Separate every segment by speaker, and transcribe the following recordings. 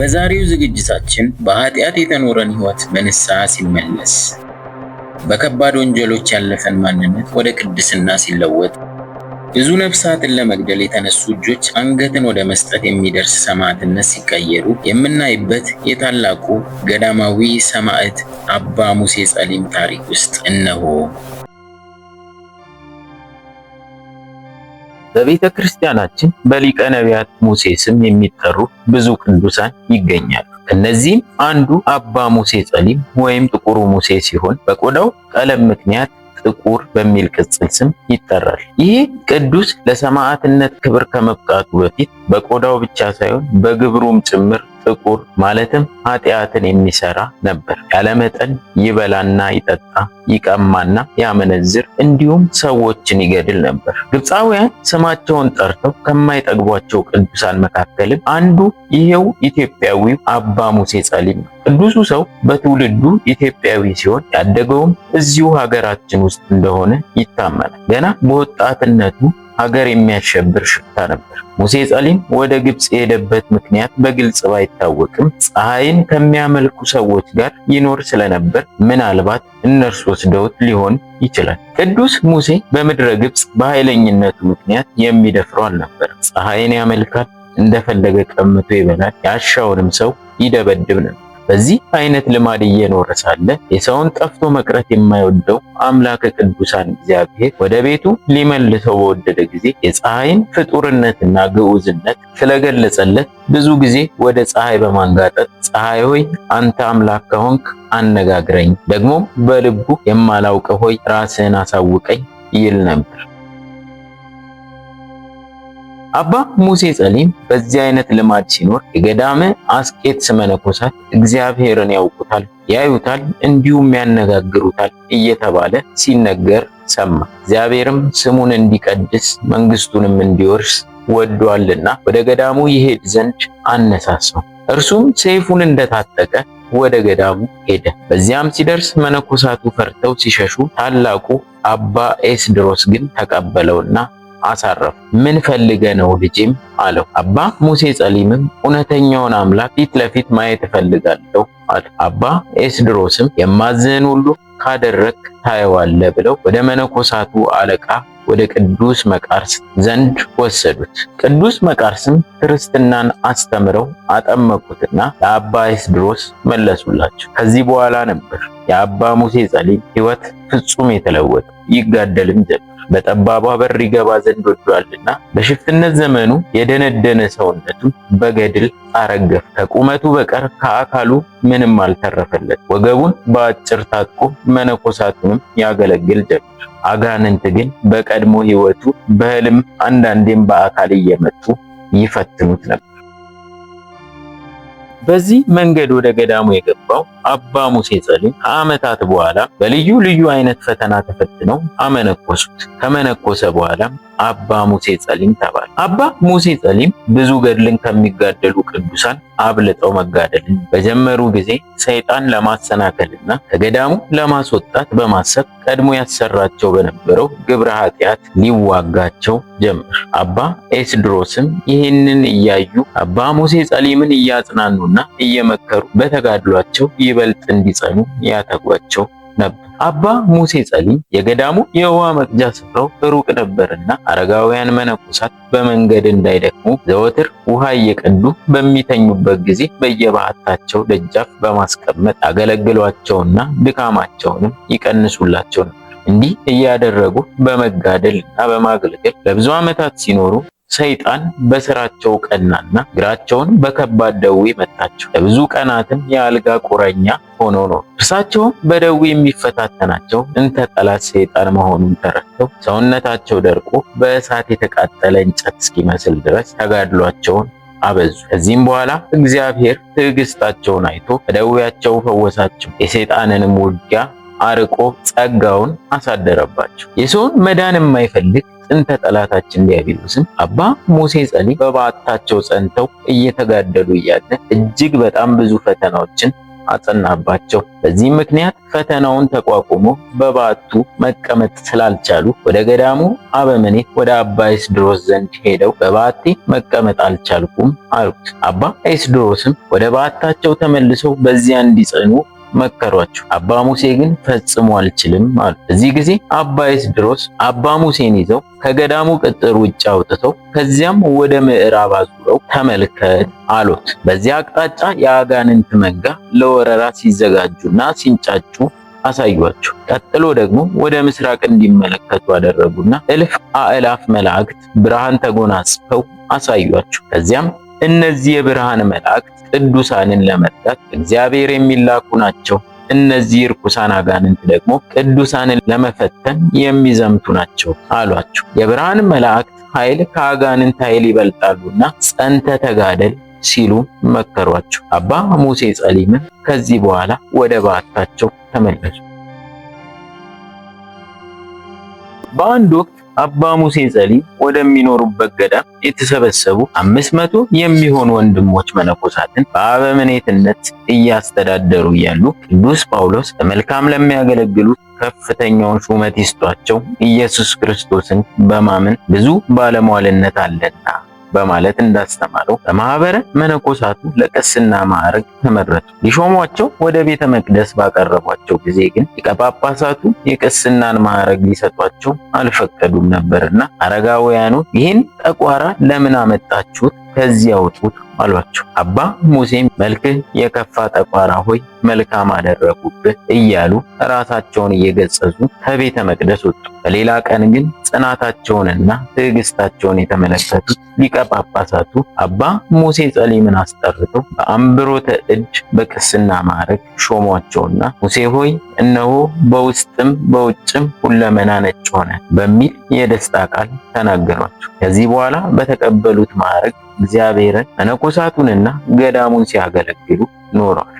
Speaker 1: በዛሬው ዝግጅታችን በኃጢአት የተኖረን ሕይወት በንስሐ ሲመለስ፣ በከባድ ወንጀሎች ያለፈን ማንነት ወደ ቅድስና ሲለወጥ፣ ብዙ ነፍሳትን ለመግደል የተነሱ እጆች አንገትን ወደ መስጠት የሚደርስ ሰማዕትነት ሲቀየሩ የምናይበት የታላቁ ገዳማዊ ሰማዕት አባ ሙሴ ጸሊም ታሪክ ውስጥ እነሆ። በቤተ ክርስቲያናችን በሊቀ ነቢያት ሙሴ ስም የሚጠሩ ብዙ ቅዱሳን ይገኛሉ። ከነዚህም አንዱ አባ ሙሴ ጸሊም ወይም ጥቁሩ ሙሴ ሲሆን በቆዳው ቀለም ምክንያት ጥቁር በሚል ቅጽል ስም ይጠራል። ይህ ቅዱስ ለሰማዕትነት ክብር ከመብቃቱ በፊት በቆዳው ብቻ ሳይሆን በግብሩም ጭምር ጥቁር ማለትም ኃጢአትን የሚሰራ ነበር። ያለመጠን ይበላና ይጠጣ፣ ይቀማና ያመነዝር እንዲሁም ሰዎችን ይገድል ነበር። ግብፃውያን ስማቸውን ጠርተው ከማይጠግቧቸው ቅዱሳን መካከልም አንዱ ይሄው ኢትዮጵያዊው አባ ሙሴ ጸሊም ነው። ቅዱሱ ሰው በትውልዱ ኢትዮጵያዊ ሲሆን ያደገውም እዚሁ ሀገራችን ውስጥ እንደሆነ ይታመናል። ገና በወጣትነቱ ሀገር የሚያሸብር ሽታ ነበር። ሙሴ ጸሊም ወደ ግብፅ የሄደበት ምክንያት በግልጽ ባይታወቅም ፀሐይን ከሚያመልኩ ሰዎች ጋር ይኖር ስለነበር ምናልባት እነርሱ ወስደውት ሊሆን ይችላል። ቅዱስ ሙሴ በምድረ ግብፅ በኃይለኝነቱ ምክንያት የሚደፍረው አልነበር። ፀሐይን ያመልካል፣ እንደፈለገ ቀምቶ ይበላል፣ ያሻውንም ሰው ይደበድብ ነበር። በዚህ አይነት ልማድ እየኖረ ሳለ የሰውን ጠፍቶ መቅረት የማይወደው አምላከ ቅዱሳን እግዚአብሔር ወደ ቤቱ ሊመልሰው በወደደ ጊዜ የፀሐይን ፍጡርነትና ግዑዝነት ስለገለጸለት ብዙ ጊዜ ወደ ፀሐይ በማንጋጠጥ ፀሐይ ሆይ አንተ አምላክ ከሆንክ አነጋግረኝ፣ ደግሞም በልቡ የማላውቀ ሆይ ራስህን አሳውቀኝ ይል ነበር። አባ ሙሴ ጸሊም በዚህ አይነት ልማድ ሲኖር የገዳመ አስቄት ስመነኮሳት እግዚአብሔርን ያውቁታል፣ ያዩታል፣ እንዲሁም ያነጋግሩታል እየተባለ ሲነገር ሰማ። እግዚአብሔርም ስሙን እንዲቀድስ መንግስቱንም እንዲወርስ ወዷልና ወደ ገዳሙ ይሄድ ዘንድ አነሳሳው። እርሱም ሰይፉን እንደታጠቀ ወደ ገዳሙ ሄደ። በዚያም ሲደርስ መነኮሳቱ ፈርተው ሲሸሹ ታላቁ አባ ኤስድሮስ ግን ተቀበለውና አሳረፉ። ምን ፈልገ ነው ልጄም አለው። አባ ሙሴ ጸሊምም እውነተኛውን አምላክ ፊት ለፊት ማየት እፈልጋለሁ አለ። አባ ኤስድሮስም የማዝህን ሁሉ ካደረግ ታየዋለ ብለው ወደ መነኮሳቱ አለቃ ወደ ቅዱስ መቃርስ ዘንድ ወሰዱት። ቅዱስ መቃርስም ክርስትናን አስተምረው አጠመቁትና ለአባ ኤስድሮስ መለሱላቸው። ከዚህ በኋላ ነበር የአባ ሙሴ ጸሊም ሕይወት ፍጹም የተለወጠ። ይጋደልም ጀመር። በጠባቧ በር ይገባ ዘንድ ወዷልና በሽፍትነት ዘመኑ የደነደነ ሰውነቱ በገድል አረገፍ። ከቁመቱ በቀር ከአካሉ ምንም አልተረፈለት። ወገቡን በአጭር ታጥቆ መነኮሳቱንም ያገለግል ጀመር። አጋንንት ግን በቀድሞ ህይወቱ በህልም አንዳንዴም በአካል እየመጡ ይፈትኑት ነበር። በዚህ መንገድ ወደ ገዳሙ የገባው አባ ሙሴ ጸሊም ከዓመታት በኋላ በልዩ ልዩ አይነት ፈተና ተፈትነው አመነኮሱት። ከመነኮሰ በኋላ አባ ሙሴ ጸሊም ተባለ። አባ ሙሴ ጸሊም ብዙ ገድልን ከሚጋደሉ ቅዱሳን አብልጠው መጋደልን በጀመሩ ጊዜ ሰይጣን ለማሰናከልና ከገዳሙ ለማስወጣት በማሰብ ቀድሞ ያሰራቸው በነበረው ግብረ ኃጢአት ሊዋጋቸው ጀመር። አባ ኤስድሮስም ይህንን እያዩ አባ ሙሴ ጸሊምን እያጽናኑና እየመከሩ በተጋድሏቸው ይበልጥ እንዲጸኑ ያተጓቸው ነበር። አባ ሙሴ ጸሊ የገዳሙ የውሃ መቅጃ ስፍራው ሩቅ ነበርና አረጋውያን መነኮሳት በመንገድ እንዳይደክሙ ዘወትር ውሃ እየቀዱ በሚተኙበት ጊዜ በየባዕታቸው ደጃፍ በማስቀመጥ አገለግሏቸውና ድካማቸውንም ይቀንሱላቸው ነበር። እንዲህ እያደረጉ በመጋደል እና በማገልገል ለብዙ ዓመታት ሲኖሩ ሰይጣን በስራቸው ቀናና እግራቸውን በከባድ ደዌ መታቸው። ለብዙ ቀናትም የአልጋ ቁረኛ ሆኖ ነው። እርሳቸውም በደዌ የሚፈታተናቸው እንተ ጠላት ሰይጣን መሆኑን ተረድተው ሰውነታቸው ደርቆ በእሳት የተቃጠለ እንጨት እስኪመስል ድረስ ተጋድሏቸውን አበዙ። ከዚህም በኋላ እግዚአብሔር ትዕግስታቸውን አይቶ በደዌያቸው ፈወሳቸው። የሰይጣንንም ውጊያ አርቆ ጸጋውን አሳደረባቸው። የሰውን መዳን የማይፈልግ ጥንተ ጠላታችን ዲያብሎስን አባ ሙሴ ጸሊ በባታቸው ጸንተው እየተጋደሉ እያለ እጅግ በጣም ብዙ ፈተናዎችን አጸናባቸው። በዚህም ምክንያት ፈተናውን ተቋቁሞ በባቱ መቀመጥ ስላልቻሉ ወደ ገዳሙ አበምኔት ወደ አባ ኤስድሮስ ዘንድ ሄደው በባቴ መቀመጥ አልቻልኩም አሉት። አባ ኤስድሮስም ወደ ባታቸው ተመልሰው በዚያ እንዲጸኑ መከሯቸው። አባ ሙሴ ግን ፈጽሞ አልችልም አሉ። እዚህ ጊዜ አባ ድሮስ አባ ሙሴን ይዘው ከገዳሙ ቅጥር ውጭ አውጥተው ከዚያም ወደ ምዕራብ አዙረው ተመልከት አሉት። በዚያ አቅጣጫ የአጋንንት መንጋ ለወረራ ሲዘጋጁና ሲንጫጩ አሳዩአቸው። ቀጥሎ ደግሞ ወደ ምስራቅ እንዲመለከቱ አደረጉና እልፍ አእላፍ መላእክት ብርሃን ተጎናጽፈው አሳዩአቸው። ከዚያም እነዚህ የብርሃን መላእክት ቅዱሳንን ለመርዳት እግዚአብሔር የሚላኩ ናቸው። እነዚህ ርኩሳን አጋንንት ደግሞ ቅዱሳንን ለመፈተን የሚዘምቱ ናቸው አሏቸው። የብርሃን መላእክት ኃይል ከአጋንንት ኃይል ይበልጣሉና ጸንተ ተጋደል ሲሉ መከሯቸው። አባ ሙሴ ጸሊምን ከዚህ በኋላ ወደ በዓታቸው ተመለሱ። በአንድ ወቅት አባ ሙሴ ጸሊም ወደሚኖሩበት ገዳም የተሰበሰቡ አምስት መቶ የሚሆኑ ወንድሞች መነኮሳትን በአበምኔትነት እያስተዳደሩ እያሉ ቅዱስ ጳውሎስ በመልካም ለሚያገለግሉት ከፍተኛውን ሹመት ይስጧቸው ኢየሱስ ክርስቶስን በማመን ብዙ ባለሟልነት አለና በማለት እንዳስተማረው በማኅበረ መነኮሳቱ ለቅስና ማዕረግ ተመረጡ። ሊሾሟቸው ወደ ቤተ መቅደስ ባቀረቧቸው ጊዜ ግን ሊቀ ጳጳሳቱ የቅስናን ማዕረግ ሊሰጧቸው አልፈቀዱም ነበርና አረጋውያኑ ይህን ጠቋራ ለምን አመጣችሁት ከዚህ ያውጡት አሏቸው። አባ ሙሴም መልክህ የከፋ ጠቋራ ሆይ መልካም አደረጉብህ እያሉ ራሳቸውን እየገጸዙ ከቤተ መቅደስ ወጡ። በሌላ ቀን ግን ጽናታቸውንና ትዕግስታቸውን የተመለከቱት ሊቀ ጳጳሳቱ አባ ሙሴ ጸሊምን አስጠርተው በአንብሮተ እጅ በቅስና ማዕረግ ሾሟቸውና ሙሴ ሆይ እነሆ በውስጥም በውጭም ሁለመና ነጭ ሆነ በሚል የደስታ ቃል ተናገሯቸው። ከዚህ በኋላ በተቀበሉት ማዕረግ እግዚአብሔርን መነኮሳቱንና ገዳሙን ሲያገለግሉ ኖረዋል።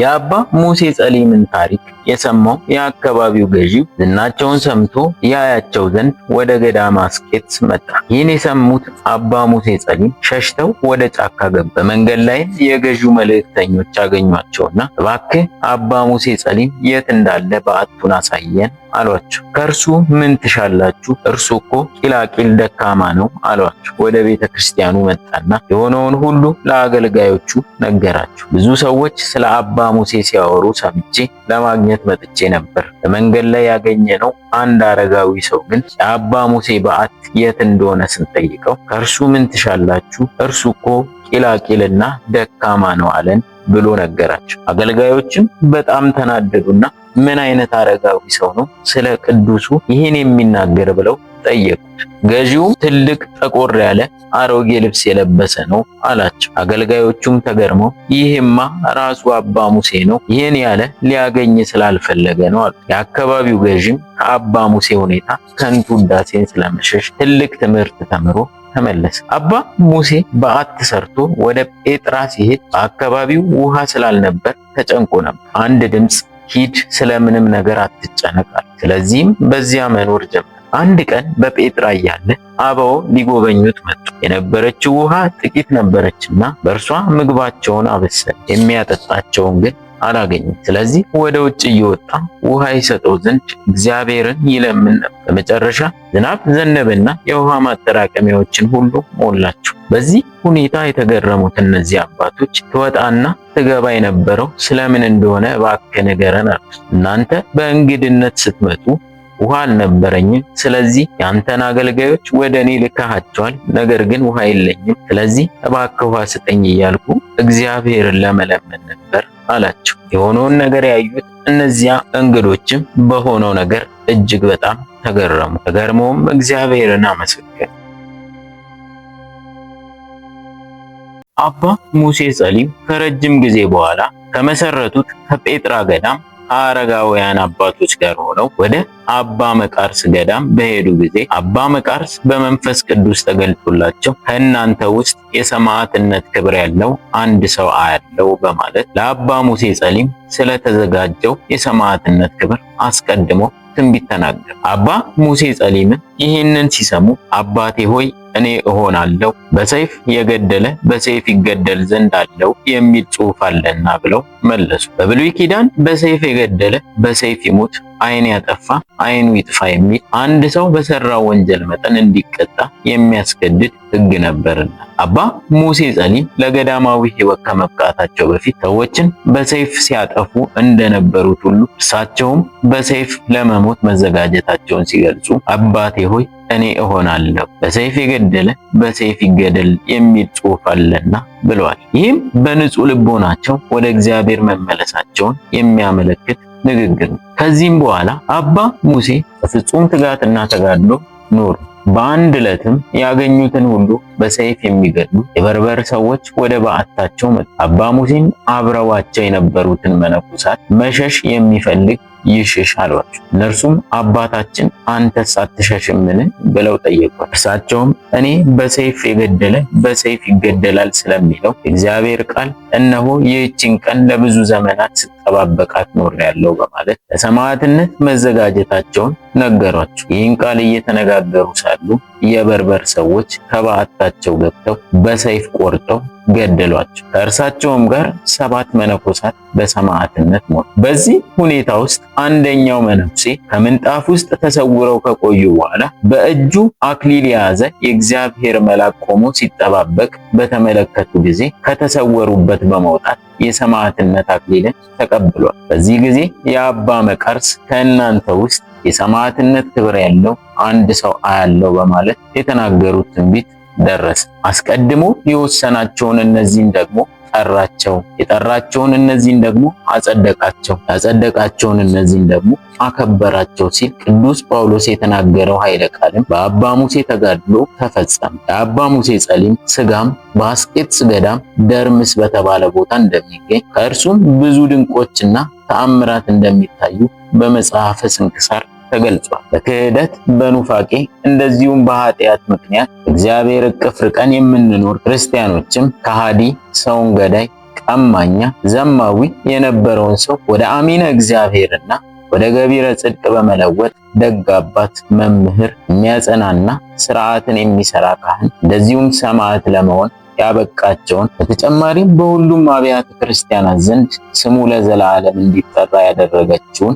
Speaker 1: የአባ ሙሴ ጸሊምን ታሪክ የሰማው የአካባቢው ገዢው ዝናቸውን ሰምቶ ያያቸው ዘንድ ወደ ገዳማ አስቄጥስ መጣ። ይህን የሰሙት አባ ሙሴ ጸሊም ሸሽተው ወደ ጫካ ገቡ። በመንገድ ላይም የገዢው መልእክተኞች አገኟቸውና እባክህ አባ ሙሴ ጸሊም የት እንዳለ በአቱን አሳየን አሏቸው። ከእርሱ ምን ትሻላችሁ? እርሱ እኮ ቂላቂል ደካማ ነው አሏቸው። ወደ ቤተ ክርስቲያኑ መጣና የሆነውን ሁሉ ለአገልጋዮቹ ነገራቸው። ብዙ ሰዎች ስለ አባ ሙሴ ሲያወሩ ሰምቼ ለማግኘት መጥቼ ነበር። በመንገድ ላይ ያገኘ ነው አንድ አረጋዊ ሰው ግን የአባ ሙሴ በዓት የት እንደሆነ ስንጠይቀው ከእርሱ ምን ትሻላችሁ? እርሱ እኮ ቂላቂልና ደካማ ነው አለን ብሎ ነገራቸው። አገልጋዮችም በጣም ተናደዱና ምን አይነት አረጋዊ ሰው ነው? ስለ ቅዱሱ ይህን የሚናገር ብለው ጠየቁት። ገዢውም ትልቅ ጠቆር ያለ አሮጌ ልብስ የለበሰ ነው አላቸው። አገልጋዮቹም ተገርመው ይህማ ራሱ አባ ሙሴ ነው፣ ይህን ያለ ሊያገኝ ስላልፈለገ ነው አሉ። የአካባቢው ገዢም ከአባ ሙሴ ሁኔታ ከንቱ ውዳሴን ስለመሸሽ ትልቅ ትምህርት ተምሮ ተመለሰ። አባ ሙሴ በዓት ሰርቶ ወደ ጴጥራ ሲሄድ በአካባቢው ውሃ ስላልነበር ተጨንቆ ነበር። አንድ ድምፅ ሂድ፣ ስለምንም ነገር አትጨነቃል። ስለዚህም በዚያ መኖር ጀመር። አንድ ቀን በጴጥራ እያለ አበው ሊጎበኙት መጡ። የነበረችው ውሃ ጥቂት ነበረችና በእርሷ ምግባቸውን አበሰል፣ የሚያጠጣቸውን ግን አላገኝም ስለዚህ ወደ ውጭ እየወጣ ውሃ ይሰጠው ዘንድ እግዚአብሔርን ይለምን ነበር። በመጨረሻ ዝናብ ዘነበና የውሃ ማጠራቀሚያዎችን ሁሉ ሞላቸው። በዚህ ሁኔታ የተገረሙት እነዚህ አባቶች ትወጣና ትገባ የነበረው ስለምን እንደሆነ እባክህ ንገረን አሉት። እናንተ በእንግድነት ስትመጡ ውሃ አልነበረኝም። ስለዚህ የአንተን አገልጋዮች ወደ እኔ ልካሃቸዋል፣ ነገር ግን ውሃ የለኝም። ስለዚህ እባክህ ውሃ ስጠኝ እያልኩ እግዚአብሔርን ለመለመን ነበር አላቸው። የሆነውን ነገር ያዩት እነዚያ እንግዶችም በሆነው ነገር እጅግ በጣም ተገረሙ። ተገርመውም እግዚአብሔርን አመሰገኑ። አባ ሙሴ ጸሊም ከረጅም ጊዜ በኋላ ከመሰረቱት ከጴጥራ ገዳም አረጋውያን አባቶች ጋር ሆነው ወደ አባ መቃርስ ገዳም በሄዱ ጊዜ አባ መቃርስ በመንፈስ ቅዱስ ተገልጦላቸው ከእናንተ ውስጥ የሰማዕትነት ክብር ያለው አንድ ሰው አያለው በማለት ለአባ ሙሴ ጸሊም ስለተዘጋጀው የሰማዕትነት ክብር አስቀድሞ ትንቢት ተናገረ። አባ ሙሴ ጸሊምን ይህንን ሲሰሙ አባቴ ሆይ እኔ እሆናለሁ በሰይፍ የገደለ በሰይፍ ይገደል ዘንድ አለው የሚል ጽሑፍ አለና ብለው መለሱ። በብሉይ ኪዳን በሰይፍ የገደለ በሰይፍ ይሙት፣ ዓይን ያጠፋ ዓይኑ ይጥፋ የሚል አንድ ሰው በሰራው ወንጀል መጠን እንዲቀጣ የሚያስገድድ ሕግ ነበርና አባ ሙሴ ጸሊም ለገዳማዊ ሕይወት ከመብቃታቸው በፊት ሰዎችን በሰይፍ ሲያጠፉ እንደነበሩት ሁሉ እሳቸውም በሰይፍ ለመሞት መዘጋጀታቸውን ሲገልጹ አባቴ ሆይ እኔ እሆናለሁ በሰይፍ የገደለ በሰይፍ ይገደል የሚል ጽሑፍ አለና ብለዋል። ይህም በንጹህ ልቦናቸው ወደ እግዚአብሔር መመለሳቸውን የሚያመለክት ንግግር ነው። ከዚህም በኋላ አባ ሙሴ በፍጹም ትጋትና ተጋድሎ ኖሩ። በአንድ ዕለትም ያገኙትን ሁሉ በሰይፍ የሚገድሉ የበርበር ሰዎች ወደ በዓታቸው መጡ። አባ ሙሴም አብረዋቸው የነበሩትን መነኮሳት መሸሽ የሚፈልግ ይሽሽ አሏቸው። እነርሱም አባታችን አንተስ አትሸሽምን ብለው ጠየቋል። እርሳቸውም እኔ በሰይፍ የገደለ በሰይፍ ይገደላል ስለሚለው እግዚአብሔር ቃል እነሆ ይህችን ቀን ለብዙ ዘመናት ስጠባበቃት ያለው በማለት ለሰማዕትነት መዘጋጀታቸውን ነገሯቸው። ይህን ቃል እየተነጋገሩ ሳሉ የበርበር ሰዎች ከበዓታቸው በቤታቸው ገብተው በሰይፍ ቆርጠው ገደሏቸው። ከእርሳቸውም ጋር ሰባት መነኮሳት በሰማዕትነት ሞቱ። በዚህ ሁኔታ ውስጥ አንደኛው መነኩሴ ከምንጣፍ ውስጥ ተሰውረው ከቆዩ በኋላ በእጁ አክሊል የያዘ የእግዚአብሔር መልአክ ቆሞ ሲጠባበቅ በተመለከቱ ጊዜ ከተሰወሩበት በመውጣት የሰማዕትነት አክሊልን ተቀብሏል። በዚህ ጊዜ የአባ መቃርስ ከእናንተ ውስጥ የሰማዕትነት ክብር ያለው አንድ ሰው አያለው በማለት የተናገሩት ትንቢት ደረሰ። አስቀድሞ የወሰናቸውን እነዚህን ደግሞ ጠራቸው፣ የጠራቸውን እነዚህን ደግሞ አጸደቃቸው፣ ያጸደቃቸውን እነዚህን ደግሞ አከበራቸው ሲል ቅዱስ ጳውሎስ የተናገረው ኃይለ ቃልም በአባ ሙሴ ተጋድሎ ተፈጸመ። የአባ ሙሴ ጸሊም ስጋም በአስቄጥስ ገዳም ደርምስ በተባለ ቦታ እንደሚገኝ ከእርሱም ብዙ ድንቆችና ተአምራት እንደሚታዩ በመጽሐፈ ስንክሳር ተገልጿል። በክህደት በኑፋቄ እንደዚሁም በኃጢአት ምክንያት እግዚአብሔር እቅፍ ርቀን የምንኖር ክርስቲያኖችም ከሃዲ፣ ሰውን ገዳይ፣ ቀማኛ፣ ዘማዊ የነበረውን ሰው ወደ አሚነ እግዚአብሔርና ወደ ገቢረ ጽድቅ በመለወጥ ደግ አባት፣ መምህር፣ የሚያጸናና ስርዓትን የሚሰራ ካህን እንደዚሁም ሰማዕት ለመሆን ያበቃቸውን በተጨማሪም በሁሉም አብያተ ክርስቲያናት ዘንድ ስሙ ለዘላለም እንዲጠራ ያደረገችውን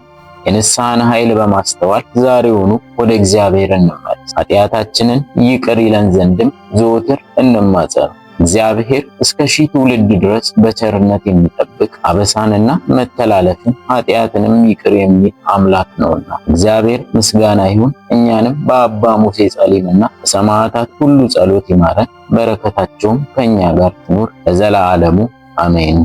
Speaker 1: የንስሐን ኃይል በማስተዋል ዛሬውኑ ወደ እግዚአብሔር እንመለስ፣ ኃጢአታችንን ይቅር ይለን ዘንድም ዘወትር እንማጸን። እግዚአብሔር እስከ ሺህ ትውልድ ድረስ በቸርነት የሚጠብቅ አበሳንና መተላለፍን ኃጢአትንም ይቅር የሚል አምላክ ነውና እግዚአብሔር ምስጋና ይሁን። እኛንም በአባ ሙሴ ጸሊምና በሰማዕታት ሁሉ ጸሎት ይማረን፣ በረከታቸውም ከእኛ ጋር ትኑር ለዘላለሙ አሜን።